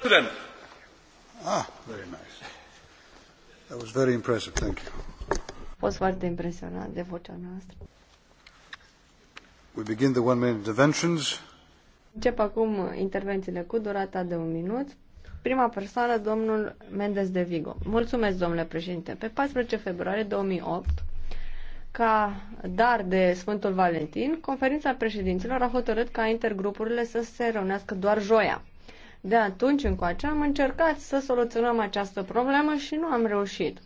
President. Ah, very nice. That was very impressive. Thank you. foarte impresionat de vocea noastră. We begin the one-minute interventions. Încep acum intervențiile cu durata de un minut. Prima persoană, domnul Mendes de Vigo. Mulțumesc, domnule președinte. Pe 14 februarie 2008, ca dar de Sfântul Valentin, conferința președinților a hotărât ca intergrupurile să se reunească doar joia. De atunci încoace am încercat să soluționăm această problemă și nu am reușit.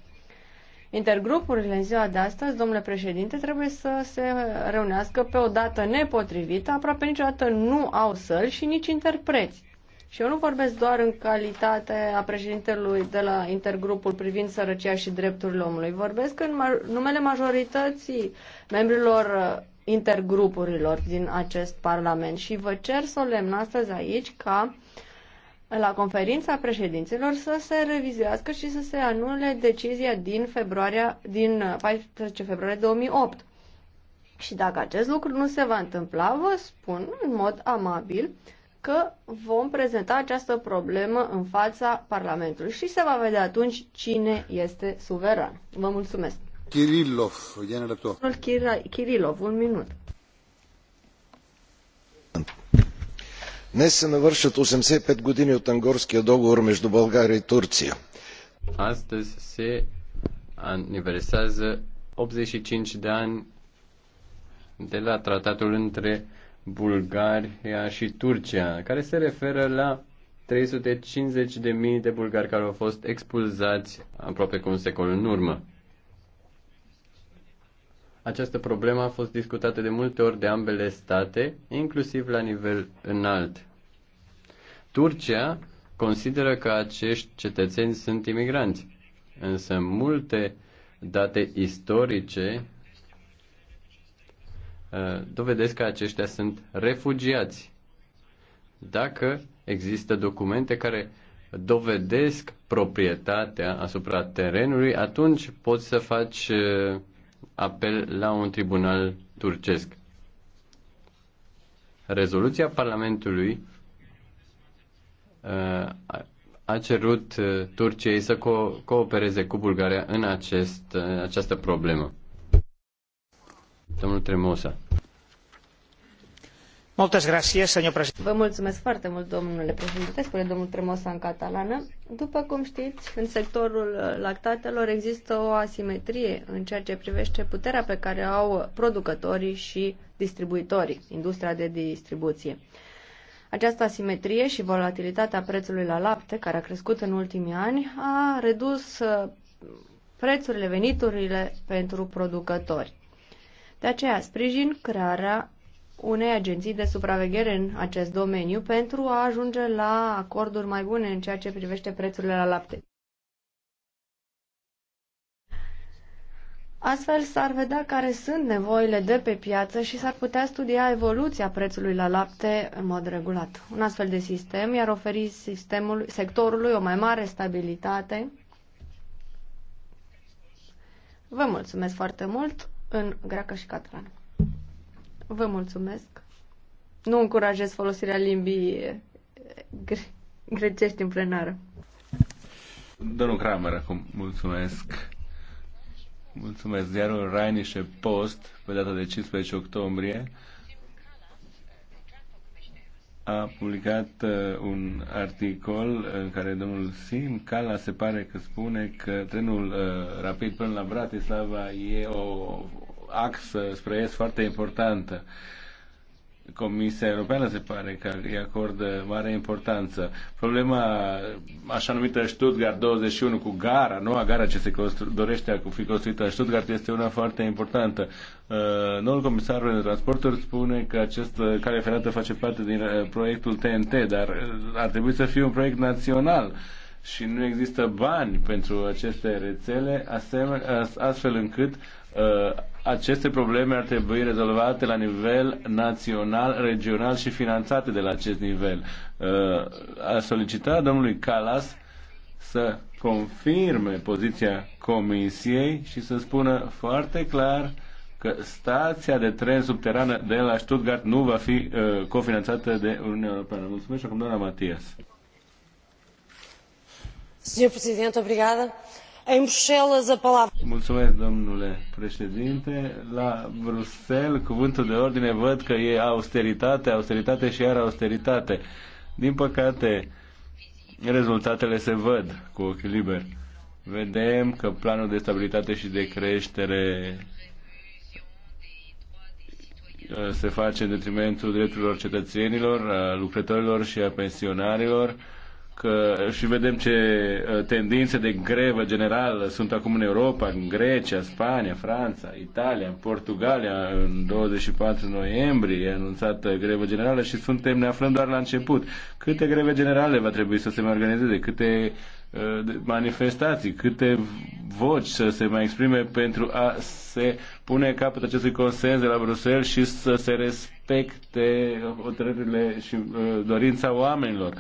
Intergrupurile în ziua de astăzi, domnule președinte, trebuie să se reunească pe o dată nepotrivită, aproape niciodată nu au săli și nici interpreți. Și eu nu vorbesc doar în calitate a președintelui de la intergrupul privind sărăcia și drepturile omului, vorbesc în numele majorității membrilor uh, intergrupurilor din acest parlament și vă cer solemn astăzi aici ca uh, la conferința președinților să se revizuiască și să se anule decizia din, februarie, din 14 februarie 2008. Și dacă acest lucru nu se va întâmpla, vă spun în mod amabil că vom prezenta această problemă în fața Parlamentului și se va vedea atunci cine este suveran. Vă mulțumesc. Kirilov, Kirilov, un minut. днес се навършват осемдесет и пет години от ангорския договор между България и Турция. Astăzi se aniversează 85 de ani de la tratatul între Bulgaria și Turcia, care se referă la 350.000 de bulgari care au fost expulzați aproape cu un secol în urmă. Această problemă a fost discutată de multe ori de ambele state, inclusiv la nivel înalt. Turcia consideră că acești cetățeni sunt imigranți, însă multe date istorice uh, dovedesc că aceștia sunt refugiați. Dacă există documente care dovedesc proprietatea asupra terenului, atunci poți să faci uh, apel la un tribunal turcesc. Rezoluția Parlamentului uh, a cerut uh, Turciei să co- coopereze cu Bulgaria în acest, uh, această problemă. Domnul Tremosa. Vă mulțumesc foarte mult, domnule președinte, spune domnul Tremosa în catalană. După cum știți, în sectorul uh, lactatelor există o asimetrie în ceea ce privește puterea pe care au producătorii și distribuitorii, industria de distribuție. Această asimetrie și volatilitatea prețului la lapte, care a crescut în ultimii ani, a redus uh, prețurile, veniturile pentru producători. De aceea sprijin crearea unei agenții de supraveghere în acest domeniu pentru a ajunge la acorduri mai bune în ceea ce privește prețurile la lapte. Astfel s-ar vedea care sunt nevoile de pe piață și s-ar putea studia evoluția prețului la lapte în mod regulat. Un astfel de sistem i-ar oferi sistemul, sectorului o mai mare stabilitate. Vă mulțumesc foarte mult în greacă și catalană. Vă mulțumesc. Nu încurajez folosirea limbii eh, gre- grecești în plenară. Domnul Kramer, acum mulțumesc. Mulțumesc. Ziarul Rheinische Post, pe data de 15 octombrie, a publicat eh, un articol în care domnul Sim Cala se pare că spune că trenul eh, rapid până la Bratislava e o axă spre est foarte importantă. Comisia Europeană se pare că îi acordă mare importanță. Problema așa numită Stuttgart 21 cu gara, noua gara ce se constru- dorește a fi construită în Stuttgart este una foarte importantă. Uh, noul comisar de transporturi spune că acest cale ferată face parte din uh, proiectul TNT, dar uh, ar trebui să fie un proiect național și nu există bani pentru aceste rețele, astfel încât Uh, aceste probleme ar trebui rezolvate la nivel național, regional și finanțate de la acest nivel. Uh, a solicitat domnului Calas să confirme poziția Comisiei și să spună foarte clar că stația de tren subterană de la Stuttgart nu va fi uh, cofinanțată de Uniunea Europeană. Mulțumesc și acum doamna Matias. Senhor Presidente, obrigada. Mulțumesc, domnule președinte. La Bruxelles, cuvântul de ordine, văd că e austeritate, austeritate și iar austeritate. Din păcate, rezultatele se văd cu ochiul liber. Vedem că planul de stabilitate și de creștere uh, se face în detrimentul drepturilor cetățenilor, a lucrătorilor și a pensionarilor că și vedem ce uh, tendințe de grevă generală sunt acum în Europa, în Grecia, Spania, Franța, Italia, Portugalia. În 24 noiembrie e anunțată grevă generală și suntem, ne aflăm doar la început. Câte greve generale va trebui să se mai organizeze? Câte uh, manifestații, câte voci să se mai exprime pentru a se pune capăt acestui consens de la Bruxelles și să se respecte hotărârile și uh, dorința oamenilor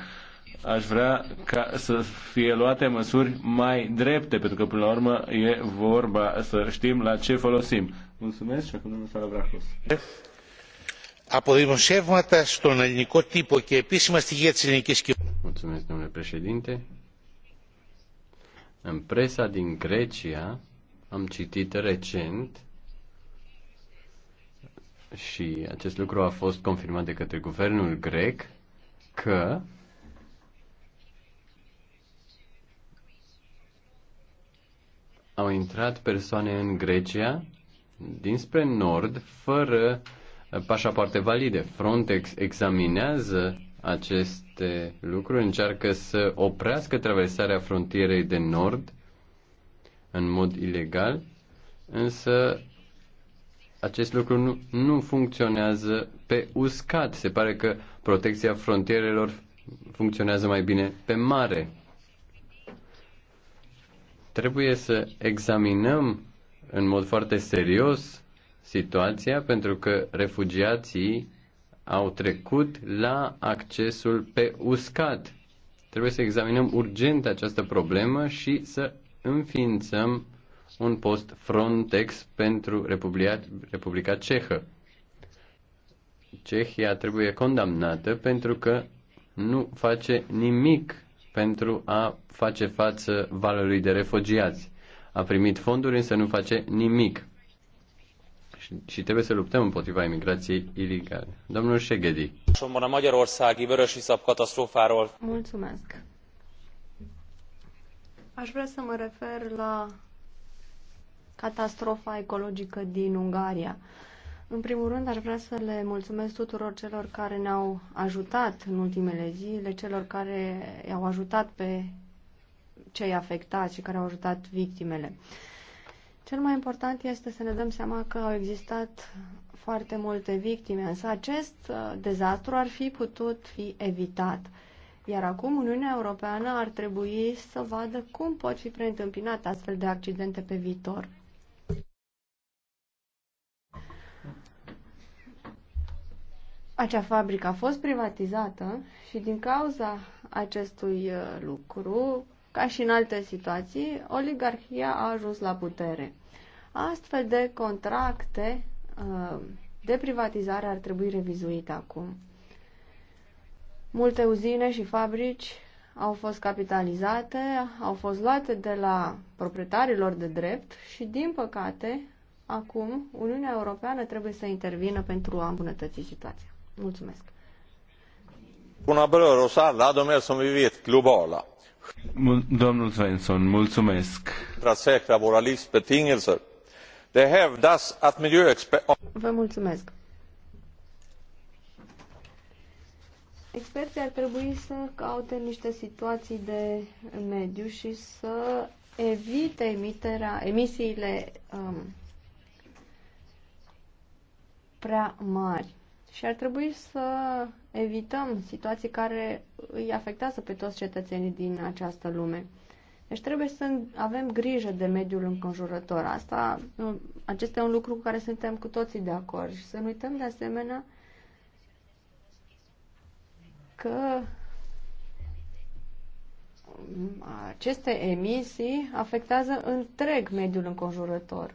aș vrea ca să fie luate măsuri mai drepte, pentru că până la urmă e vorba să știm la ce folosim. Mulțumesc și acum domnul Salavracos. Αποδημοσιεύματα στον ελληνικό τύπο και επίσημα στοιχεία της ελληνικής κοινωνίας. Mulțumesc, domnule președinte. În presa din Grecia am citit recent și acest lucru a fost confirmat de către guvernul grec că au intrat persoane în Grecia dinspre nord fără uh, pașapoarte valide. Frontex examinează aceste lucruri, încearcă să oprească traversarea frontierei de nord în mod ilegal, însă acest lucru nu, nu funcționează pe uscat. Se pare că protecția frontierelor funcționează mai bine pe mare. Trebuie să examinăm în mod foarte serios situația pentru că refugiații au trecut la accesul pe uscat. Trebuie să examinăm urgent această problemă și să înființăm un post Frontex pentru Republica, Republica Cehă. Cehia trebuie condamnată pentru că nu face nimic pentru a face față valului de refugiați. A primit fonduri, însă nu face nimic. Și, și trebuie să luptăm împotriva imigrației ilegale. Domnul Șeghedi. a Mulțumesc. Aș vrea să mă refer la catastrofa ecologică din Ungaria. În primul rând, aș vrea să le mulțumesc tuturor celor care ne-au ajutat în ultimele zile, celor care i-au ajutat pe cei afectați și care au ajutat victimele. Cel mai important este să ne dăm seama că au existat foarte multe victime, însă acest uh, dezastru ar fi putut fi evitat. Iar acum Uniunea Europeană ar trebui să vadă cum pot fi preîntâmpinate astfel de accidente pe viitor. Acea fabrică a fost privatizată și din cauza acestui uh, lucru, ca și în alte situații, oligarhia a ajuns la putere. Astfel de contracte uh, de privatizare ar trebui revizuite acum. Multe uzine și fabrici au fost capitalizate, au fost luate de la proprietarilor de drept și, din păcate, acum Uniunea Europeană trebuie să intervină pentru a îmbunătăți situația. Mulțumesc. Domnul Svensson, mulțumesc. Vă mulțumesc. Experții ar trebui să caute niște situații de mediu și să evite emiterea, emisiile um, prea mari și ar trebui să evităm situații care îi afectează pe toți cetățenii din această lume. Deci trebuie să avem grijă de mediul înconjurător. Asta, acesta e un lucru cu care suntem cu toții de acord și să nu uităm de asemenea că aceste emisii afectează întreg mediul înconjurător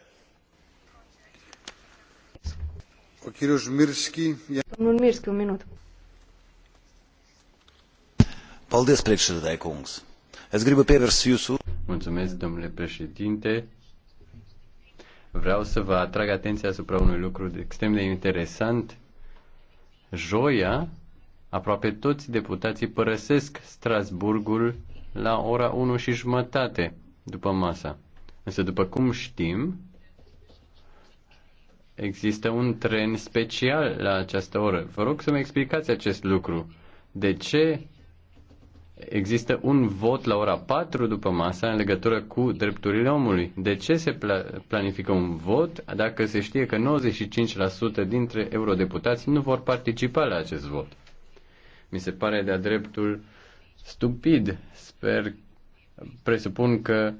minut. Es gribu pievērst jūsu... Mulțumesc, domnule președinte. Vreau să vă atrag atenția asupra unui lucru extrem de interesant. Joia, aproape toți deputații părăsesc Strasburgul la ora 1 și jumătate după masa. Însă, după cum știm, Există un tren special la această oră. Vă rog să-mi explicați acest lucru. De ce există un vot la ora 4 după masa în legătură cu drepturile omului? De ce se pla- planifică un vot dacă se știe că 95% dintre eurodeputați nu vor participa la acest vot? Mi se pare de-a dreptul stupid. Sper, presupun că uh,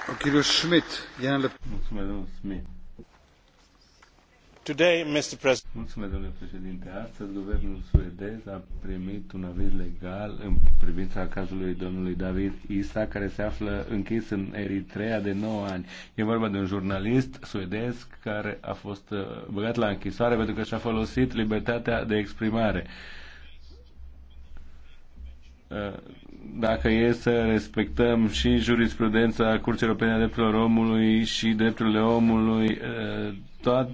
Astăzi, guvernul suedez a primit un aviz legal în privința cazului domnului David Isa, care se află închis în Eritrea de 9 ani. E vorba de un jurnalist suedez care a fost uh, băgat la închisoare pentru că și-a folosit libertatea de exprimare. Uh, dacă e să respectăm și jurisprudența Curții Europene a Drepturilor Omului și drepturile omului, eh, tot,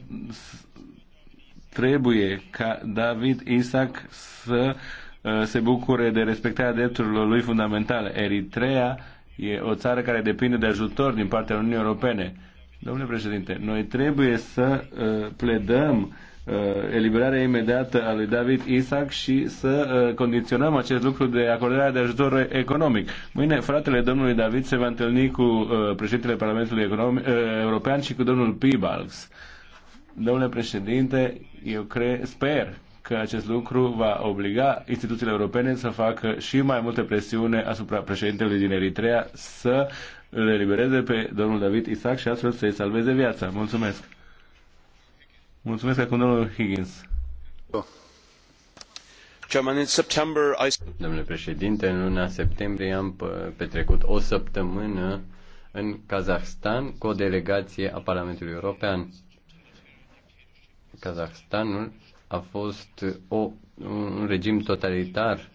trebuie ca David Isaac să eh, se bucure de respectarea drepturilor lui fundamentale. Eritrea e o țară care depinde de ajutor din partea Uniunii Europene. Domnule președinte, noi trebuie să eh, pledăm Uh, eliberarea imediată a lui David Isaac și să uh, condiționăm acest lucru de acordarea de ajutor economic. Mâine fratele domnului David se va întâlni cu uh, președintele Parlamentului uh, European și cu domnul Pibalgs. Domnule președinte, eu cre- sper că acest lucru va obliga instituțiile europene să facă și mai multe presiune asupra președintelui din Eritrea să îl elibereze pe domnul David Isaac și astfel să-i salveze viața. Mulțumesc! Domnule președinte, în luna septembrie am uh, petrecut o săptămână în Kazahstan cu o delegație a Parlamentului European. Kazahstanul a fost uh, o, un regim totalitar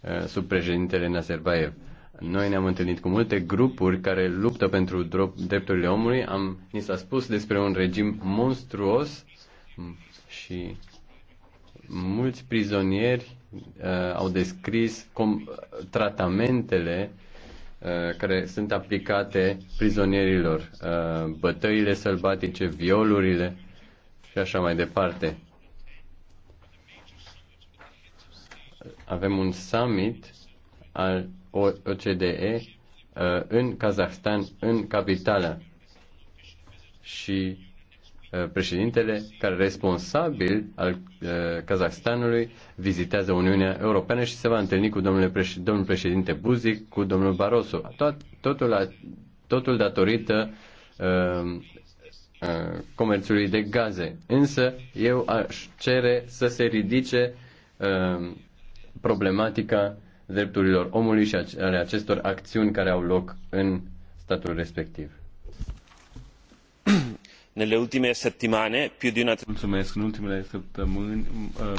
uh, sub președintele Nazarbayev. Noi ne-am întâlnit cu multe grupuri care luptă pentru drepturile omului. Am, ni s-a spus despre un regim monstruos și mulți prizonieri uh, au descris com, tratamentele uh, care sunt aplicate prizonierilor, uh, bătăile sălbatice, violurile și așa mai departe. Avem un summit al OCDE uh, în Kazahstan, în capitală. Și uh, președintele care responsabil al uh, Kazahstanului vizitează Uniunea Europeană și se va întâlni cu domnul președinte Buzic, cu domnul Barroso. Tot, totul, totul datorită comerțului de gaze. Însă eu aș cere să se ridice uh, problematica drepturilor omului și ale acestor acțiuni care au loc în statul respectiv. Nelle ultime settimane, più di una... Mulțumesc. În ultimele săptămâni,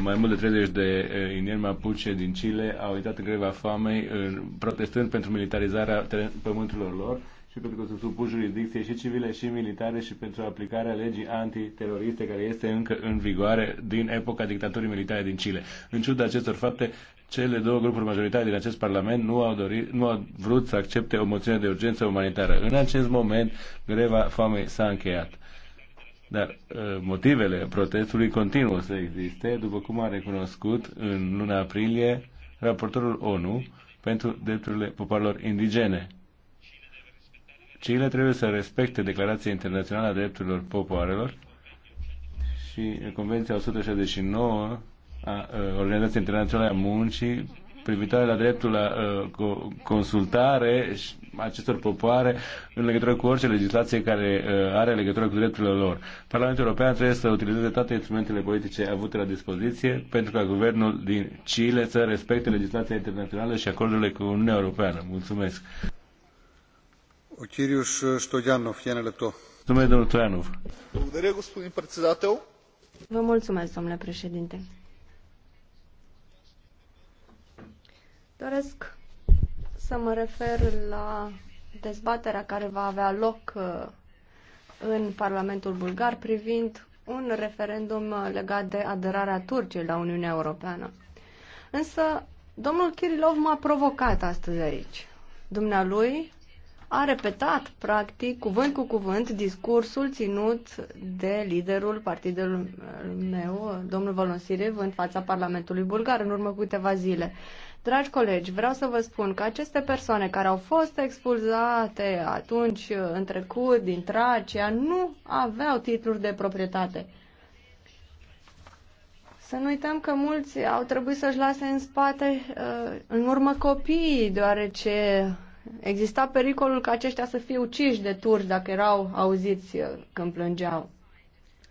mai mult de 30 de eh, indieni mapuche din Chile au uitat în greva foamei, eh, protestând pentru militarizarea pământurilor lor și pentru că sunt supuși jurisdicție și civile și militare și pentru aplicarea legii antiteroriste care este încă în vigoare din epoca dictaturii militare din Chile. În ciuda acestor fapte, cele două grupuri majoritare din acest Parlament nu au, dorit, nu au vrut să accepte o moțiune de urgență umanitară. În acest moment, greva foamei s-a încheiat. Dar ă, motivele protestului continuă să existe, după cum a recunoscut în luna aprilie raportorul ONU pentru drepturile popoarelor indigene. Chile trebuie să respecte Declarația Internațională a Drepturilor Popoarelor și Convenția 169 a Organizației Internaționale a Muncii privitoare la dreptul la uh, consultare acestor popoare în legătură cu orice legislație care uh, are legătură cu drepturile lor. Parlamentul European trebuie să utilizeze toate instrumentele politice avute la dispoziție pentru ca guvernul din Chile să respecte legislația internațională și acordurile cu Uniunea Europeană. Mulțumesc! Ochiriuș Stoianov, Ianele To. Mulțumesc, domnul Stoianov. Vă mulțumesc, domnule președinte. Doresc să mă refer la dezbaterea care va avea loc uh, în Parlamentul Bulgar privind un referendum legat de aderarea Turciei la Uniunea Europeană. Însă, domnul Kirilov m-a provocat astăzi aici. Dumnealui a repetat, practic, cuvânt cu cuvânt, discursul ținut de liderul partidului meu, domnul Volonsirev, în fața Parlamentului Bulgar, în urmă cu câteva zile. Dragi colegi, vreau să vă spun că aceste persoane care au fost expulzate atunci, în trecut, din Tracia, nu aveau titluri de proprietate. Să nu uităm că mulți au trebuit să-și lase în spate, uh, în urmă copiii, deoarece exista pericolul ca aceștia să fie uciși de turci dacă erau auziți uh, când plângeau.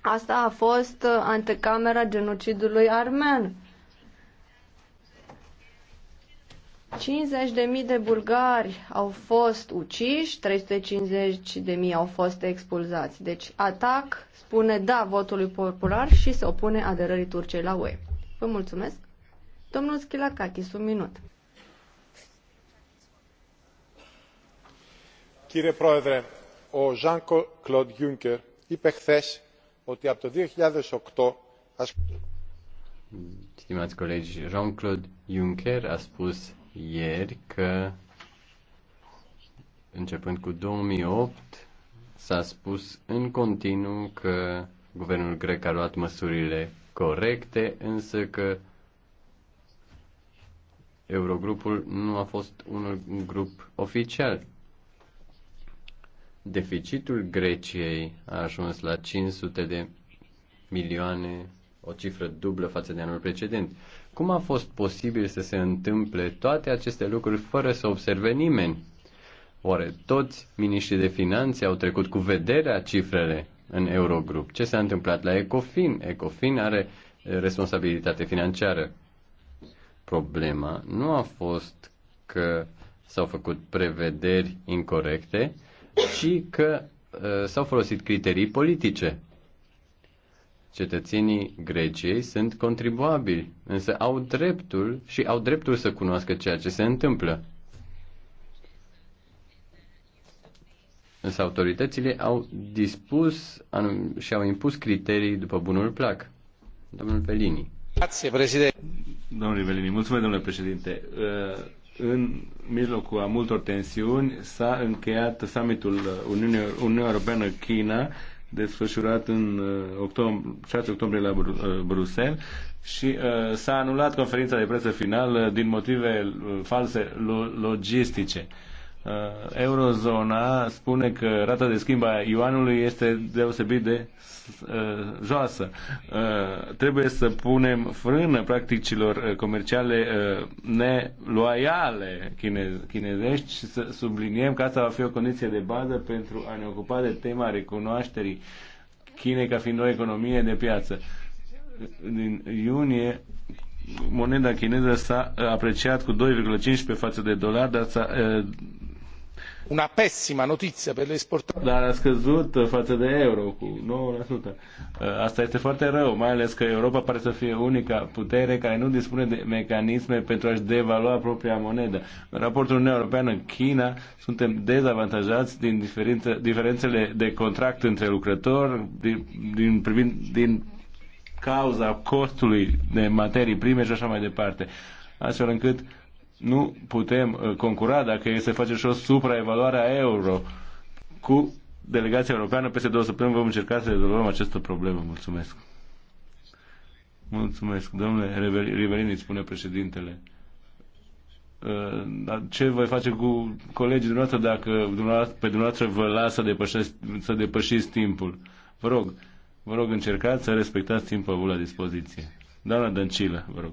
Asta a fost uh, antecamera genocidului armean. 50.000 de bulgari au fost uciși, 350.000 au fost expulzați. Deci atac spune da votului popular și se opune aderării Turciei la UE. Vă mulțumesc. Domnul Schilacakis, un minut. Κύριε Πρόεδρε, ο Ζαν Κλοντ Γιούνκερ είπε χθε ότι από το 2008 Stimați colegi, Jean-Claude Juncker a spus ieri că începând cu 2008 s-a spus în continuu că guvernul grec a luat măsurile corecte, însă că Eurogrupul nu a fost un grup oficial. Deficitul Greciei a ajuns la 500 de milioane, o cifră dublă față de anul precedent. Cum a fost posibil să se întâmple toate aceste lucruri fără să observe nimeni? Oare toți miniștrii de finanțe au trecut cu vederea cifrele în Eurogrup? Ce s-a întâmplat la Ecofin? Ecofin are responsabilitate financiară. Problema nu a fost că s-au făcut prevederi incorrecte, ci că uh, s-au folosit criterii politice. Cetățenii Greciei sunt contribuabili, însă au dreptul și au dreptul să cunoască ceea ce se întâmplă. Însă autoritățile au dispus și au impus criterii după bunul plac. Domnul Pelini. Grazie, președinte. Domnul Pelini, mulțumesc, domnule președinte. Uh, în mijlocul a multor tensiuni s-a încheiat summitul Uniunii Europeană-China desfășurat în 6 uh, octombrie la uh, Bruxelles și uh, s-a anulat conferința de presă finală din motive false logistice. Uh, Eurozona spune că rata de schimb a ioanului este deosebit de uh, joasă. Uh, trebuie să punem frână practicilor comerciale neloiale chinezești și să subliniem că asta va fi o condiție de bază pentru a ne ocupa de tema recunoașterii Chinei ca fiind o economie de piață. Din iunie moneda chineză s-a apreciat cu 2,15 față de dolar, dar s-a una pessima notizia per le esportazioni. Dar a scăzut față de euro cu 9%. Uh, asta este foarte rău, mai ales că Europa pare să fie unica putere care nu dispune de mecanisme pentru a-și devalua propria monedă. În raportul Uniunea Europeană, China, suntem dezavantajați din diferențele de contract între lucrători, din, din, privind, din cauza costului de materii prime și așa mai departe. Astfel încât uh, nu putem uh, concura dacă se face și o supraevaluare a euro. Cu delegația europeană peste două săptămâni vom încerca să rezolvăm această problemă. Mulțumesc. Mulțumesc. Domnule Riverini, spune președintele. Uh, dar ce voi face cu colegii dumneavoastră dacă dumneavoastră, pe dumneavoastră vă las să depășiți, să depășiți timpul? Vă rog, vă rog încercați să respectați timpul avut la dispoziție. Doamna Dăncilă, vă rog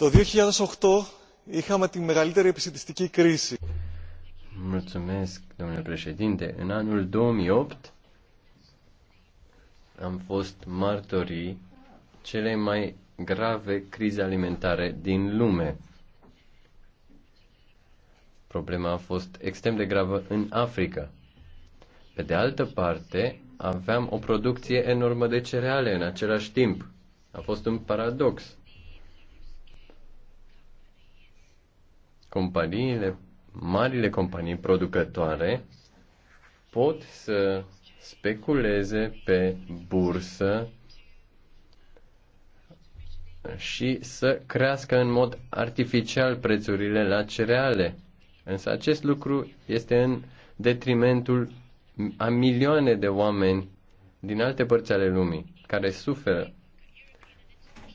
Το 2008 είχαμε τη μεγαλύτερη επιστημιστική κρίση. Mulțumesc, domnule președinte. În anul 2008 am fost martorii cele mai grave crize alimentare din lume. Problema a fost extrem de gravă în Africa. Pe de altă parte, aveam o producție enormă de cereale în același timp. A fost un paradox. companiile, marile companii producătoare pot să speculeze pe bursă și să crească în mod artificial prețurile la cereale. Însă acest lucru este în detrimentul a milioane de oameni din alte părți ale lumii care suferă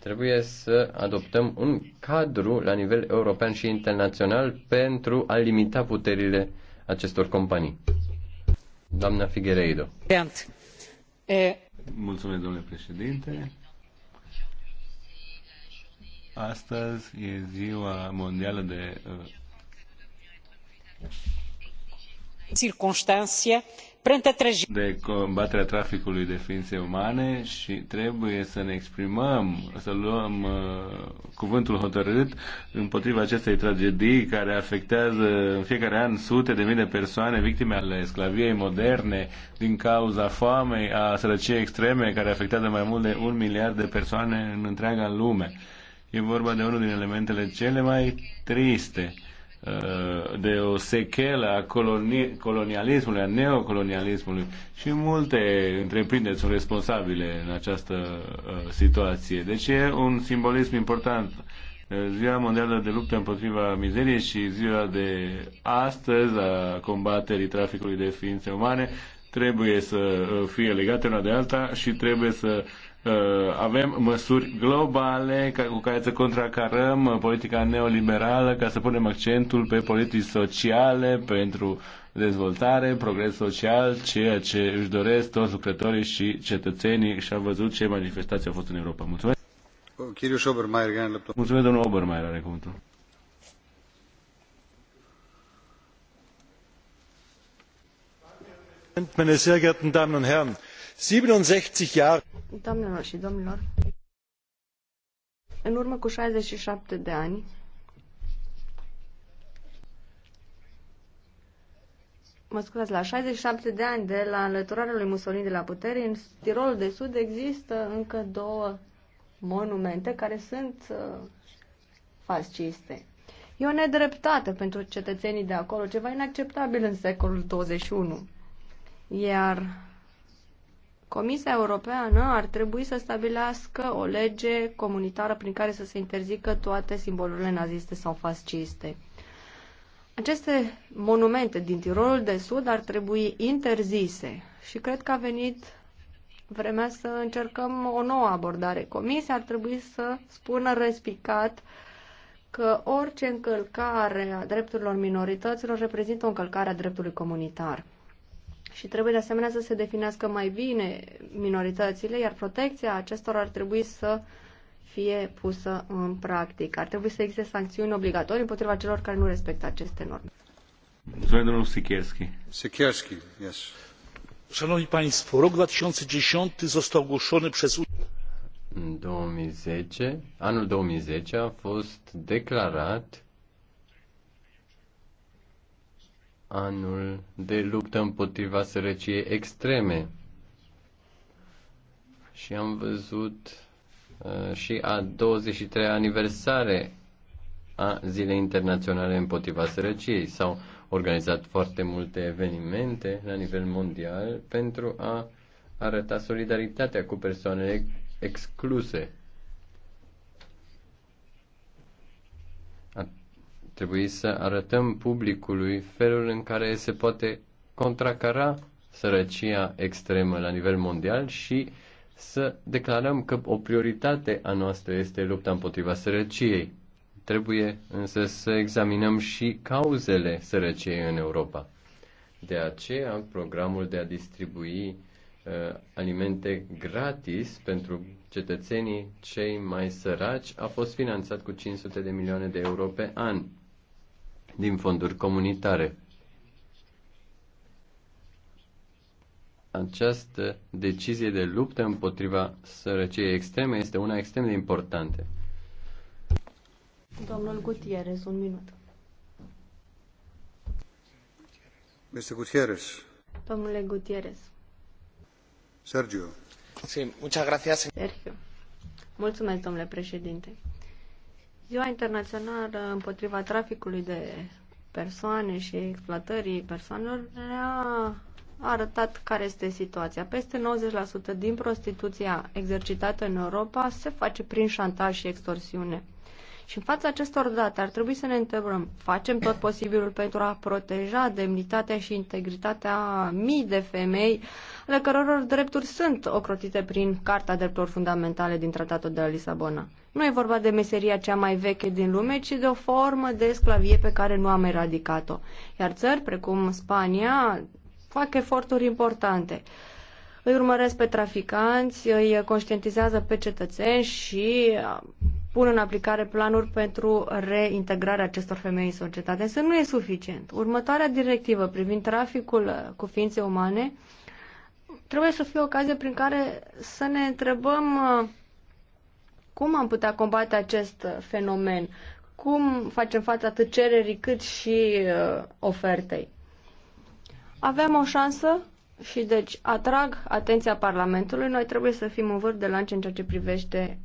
Trebuie să adoptăm un cadru la nivel european și internațional pentru a limita puterile acestor companii. Doamna Figueiredo. Mulțumesc, domnule președinte. Astăzi e ziua mondială de uh, circunstanțe de combaterea traficului de ființe umane și trebuie să ne exprimăm, să luăm uh, cuvântul hotărât împotriva acestei tragedii care afectează în fiecare an sute de mii de persoane victime ale sclaviei moderne din cauza foamei, a sărăciei extreme care afectează mai mult de un miliard de persoane în întreaga lume. E vorba de unul din elementele cele mai triste Uh, de o sechelă a coloni- colonialismului, a neocolonialismului și multe întreprinderi sunt responsabile în această uh, situație. Deci e un simbolism important. Uh, ziua Mondială de Luptă împotriva Mizeriei și ziua de astăzi a combaterii traficului de ființe umane trebuie să uh, fie legate una de alta și trebuie să uh, Uh, avem măsuri globale cu care să contracarăm politica neoliberală ca să punem accentul pe politici sociale pentru dezvoltare, progres social, ceea ce își doresc toți lucrătorii și cetățenii și am văzut ce manifestații au fost în Europa. Mulțumesc! Mulțumesc, domnul Obermeier, are cuvântul. Meine sehr geehrten Damen und Herren, siebenundsechzig Jahre. Doamnelor și domnilor, în urmă cu 67 de ani, mă scuzați, la 67 de ani de la înlăturarea lui Mussolini de la putere, în Tirolul de Sud există încă două monumente care sunt uh, fasciste. E o nedreptate pentru cetățenii de acolo, ceva inacceptabil în secolul 21. Iar Comisia Europeană ar trebui să stabilească o lege comunitară prin care să se interzică toate simbolurile naziste sau fasciste. Aceste monumente din Tirolul de Sud ar trebui interzise și cred că a venit vremea să încercăm o nouă abordare. Comisia ar trebui să spună respicat că orice încălcare a drepturilor minorităților reprezintă o încălcare a dreptului comunitar și trebuie de asemenea să se definească mai bine minoritățile, iar protecția acestor ar trebui să fie pusă în practic. Ar trebui să existe sancțiuni obligatorii împotriva celor care nu respectă aceste norme. Mulțumesc, domnul Sikierski. Sikierski, yes. Szanowni Państwo, rok 2010 został ogłoszony przez în 2010, anul 2010 a fost declarat anul de luptă împotriva sărăciei extreme. Și am văzut uh, și a 23-a aniversare a Zilei Internaționale împotriva sărăciei. S-au organizat foarte multe evenimente la nivel mondial pentru a arăta solidaritatea cu persoanele excluse Trebuie să arătăm publicului felul în care se poate contracara sărăcia extremă la nivel mondial și să declarăm că o prioritate a noastră este lupta împotriva sărăciei. Trebuie însă să examinăm și cauzele sărăciei în Europa. De aceea, programul de a distribui uh, alimente gratis pentru cetățenii cei mai săraci a fost finanțat cu 500 de milioane de euro pe an din fonduri comunitare. Această decizie de luptă împotriva sărăciei extreme este una extrem de importantă. Domnul Gutierrez, un minut. Mr. Gutierrez. Domnule Gutierrez. Sergio. Sí, muchas gracias. Sergio. Mulțumesc, domnule președinte. Ziua Internațională împotriva traficului de persoane și exploatării persoanelor ne-a arătat care este situația. Peste 90% din prostituția exercitată în Europa se face prin șantaj și extorsiune. Și în fața acestor date ar trebui să ne întrebăm, facem tot posibilul pentru a proteja demnitatea și integritatea mii de femei ale căror drepturi sunt ocrotite prin Carta Drepturilor Fundamentale din Tratatul de la Lisabona. Nu e vorba de meseria cea mai veche din lume, ci de o formă de sclavie pe care nu am eradicat-o. Iar țări precum Spania fac eforturi importante îi urmăresc pe traficanți, îi conștientizează pe cetățeni și uh, pun în aplicare planuri pentru reintegrarea acestor femei în societate. Însă nu e suficient. Următoarea directivă privind traficul uh, cu ființe umane trebuie să fie ocazie prin care să ne întrebăm uh, cum am putea combate acest fenomen, cum facem față atât cererii cât și ofertei. Avem o șansă și deci atrag atenția Parlamentului, noi trebuie să fim în vârf de lance în ceea ce privește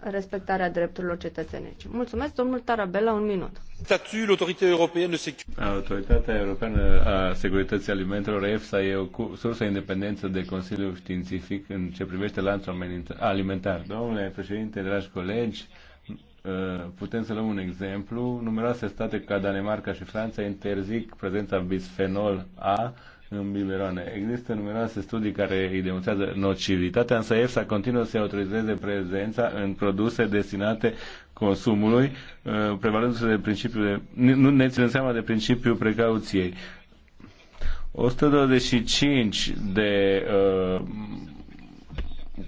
respectarea drepturilor cetățenești. Mulțumesc, domnul Tarabella, un minut. Statul Autoritatea Europeană de Securitate. a Securității Alimentelor, EFSA, e o sursă independentă de Consiliul Științific în ce privește lanțul alimentar. Domnule președinte, dragi colegi, uh, putem să luăm un exemplu. Numeroase state ca Danemarca și Franța interzic prezența bisfenol A în biberoane. Există numeroase studii care îi demonstrează nocivitatea, însă EFSA continuă să autorizeze prezența în produse destinate consumului, uh, prevalându-se de principiul de, nu ne ținem seama de principiul precauției. 125 de uh,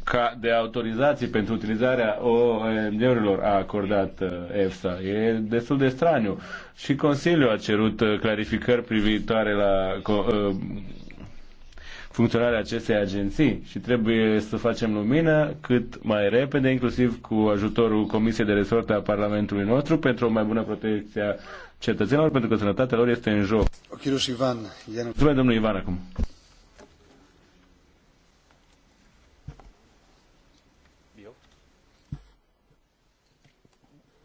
ca de autorizații pentru utilizarea OMG-urilor a acordat uh, EFSA. E destul de straniu. Și Consiliul a cerut uh, clarificări privitoare la uh, funcționarea acestei agenții și trebuie să facem lumină cât mai repede, inclusiv cu ajutorul Comisiei de Resort a Parlamentului nostru, pentru o mai bună protecție a cetățenilor, pentru că sănătatea lor este în joc. Mulțumesc, domnul Ivan, acum.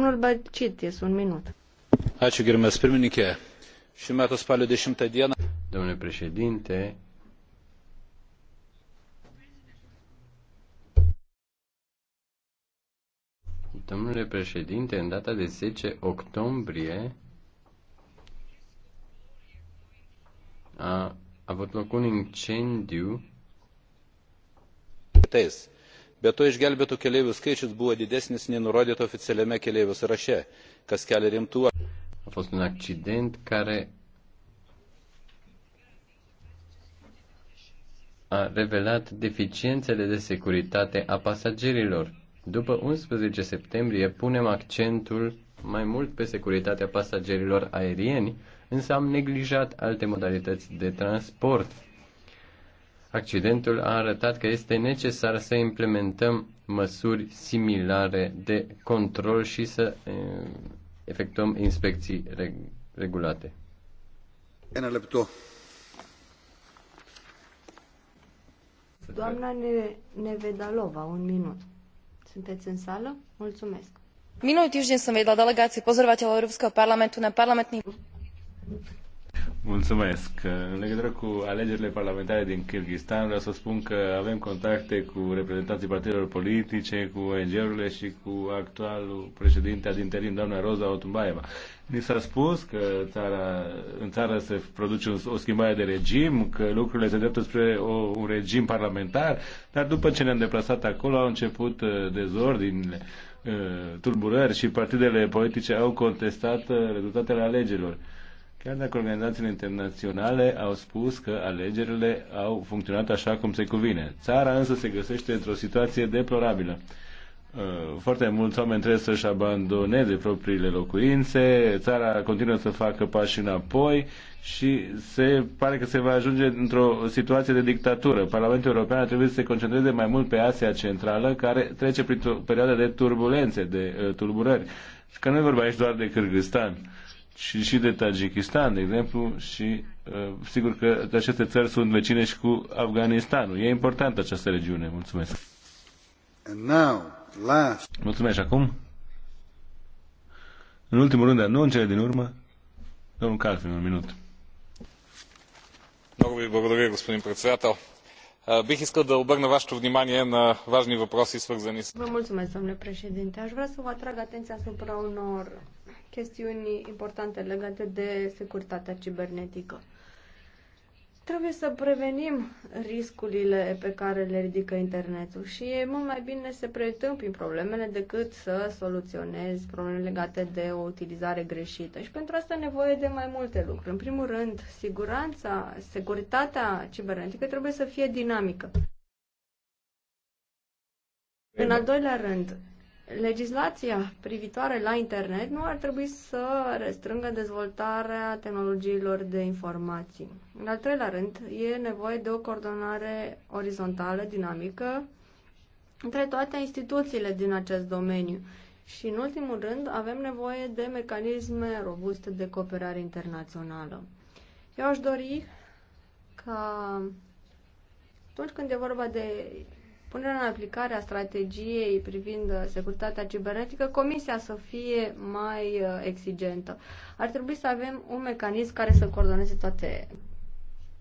Domnul Băcitis, un minut. Ačiū, gerbiamas pirmininkė. Šių metų spalio 10 dieną. Domnule președinte, Domnule președinte, în data de 10 octombrie a avut loc un incendiu. Tez be to išgelbėtų keleivių skaičius buvo didesnis nei nurodyta oficialiame keleivių sąraše kas kelia rimtų A fost un accident care a revelat deficiențele de securitate a pasagerilor. După 11 septembrie punem accentul mai mult pe securitatea pasagerilor aerieni, însă am neglijat alte modalități de transport Accidentul a arătat că este necesar să implementăm măsuri similare de control și să efectuăm inspecții regulate. Ένα λεπτό. Doamna ne- Nevedalova, un minut. Sunteți în sală? Mulțumesc. Minulý týždeň som vedla delegáciu pozorvatelor Európskeho parlamentu ne parlamentných... Mulțumesc. În legătură cu alegerile parlamentare din Kyrgyzstan, vreau să spun că avem contacte cu reprezentanții partidelor politice, cu ONG-urile și cu actualul președinte ad interim, doamna Roza Otumbaeva. Ni s-a spus că țara, în țară se produce o schimbare de regim, că lucrurile se dreptă spre o, un regim parlamentar, dar după ce ne-am deplasat acolo au început uh, dezordinile, uh, tulburări și partidele politice au contestat uh, rezultatele alegerilor Chiar dacă organizațiile internaționale au spus că alegerile au funcționat așa cum se cuvine. Țara însă se găsește într-o situație deplorabilă. Uh, foarte mulți oameni trebuie să-și abandoneze propriile locuințe, țara continuă să facă pași înapoi și se pare că se va ajunge într-o situație de dictatură. Parlamentul European trebui să se concentreze mai mult pe Asia Centrală, care trece printr-o perioadă de turbulențe, de uh, tulburări. Că nu e vorba aici doar de Kyrgyzstan și, și de Tajikistan, de exemplu, și uh, sigur că aceste țări sunt vecine și cu Afganistanul. E importantă această regiune. Mulțumesc. And now, last. Mulțumesc. acum, în ultimul rând, nu în cele din urmă, domnul Calfin, un minut. Mulțumesc, domnul președinte бих искал да обърна вашето внимание на важни въпроси, свързани с... Vă mulțumesc, domnule președinte. Aș vrea să vă atrag atenția asupra unor chestiuni importante legate de securitatea cibernetică. Trebuie să prevenim riscurile pe care le ridică internetul și e mult mai bine să preîntâmpin problemele decât să soluționezi probleme legate de o utilizare greșită. Și pentru asta e nevoie de mai multe lucruri. În primul rând, siguranța, securitatea cibernetică trebuie să fie dinamică. În al doilea rând, Legislația privitoare la internet nu ar trebui să restrângă dezvoltarea tehnologiilor de informații. În al treilea rând, e nevoie de o coordonare orizontală, dinamică, între toate instituțiile din acest domeniu. Și, în ultimul rând, avem nevoie de mecanisme robuste de cooperare internațională. Eu aș dori ca atunci când e vorba de punerea în aplicare a strategiei privind uh, securitatea cibernetică, Comisia să fie mai uh, exigentă. Ar trebui să avem un mecanism care să coordoneze toate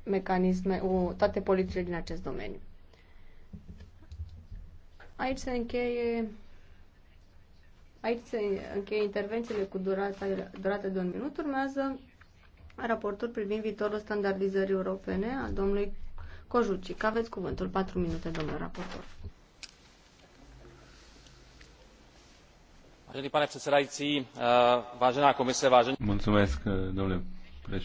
mecanisme, toate politicile din acest domeniu. Aici se încheie Aici se încheie intervențiile cu durata, durata de un minut. Urmează raportul privind viitorul standardizării europene al domnului că aveți cuvântul 4 minute, domnule raportor. Vážený pane předsedající, eh, vážená komise, vážení... Mulțumesc, eh, domnule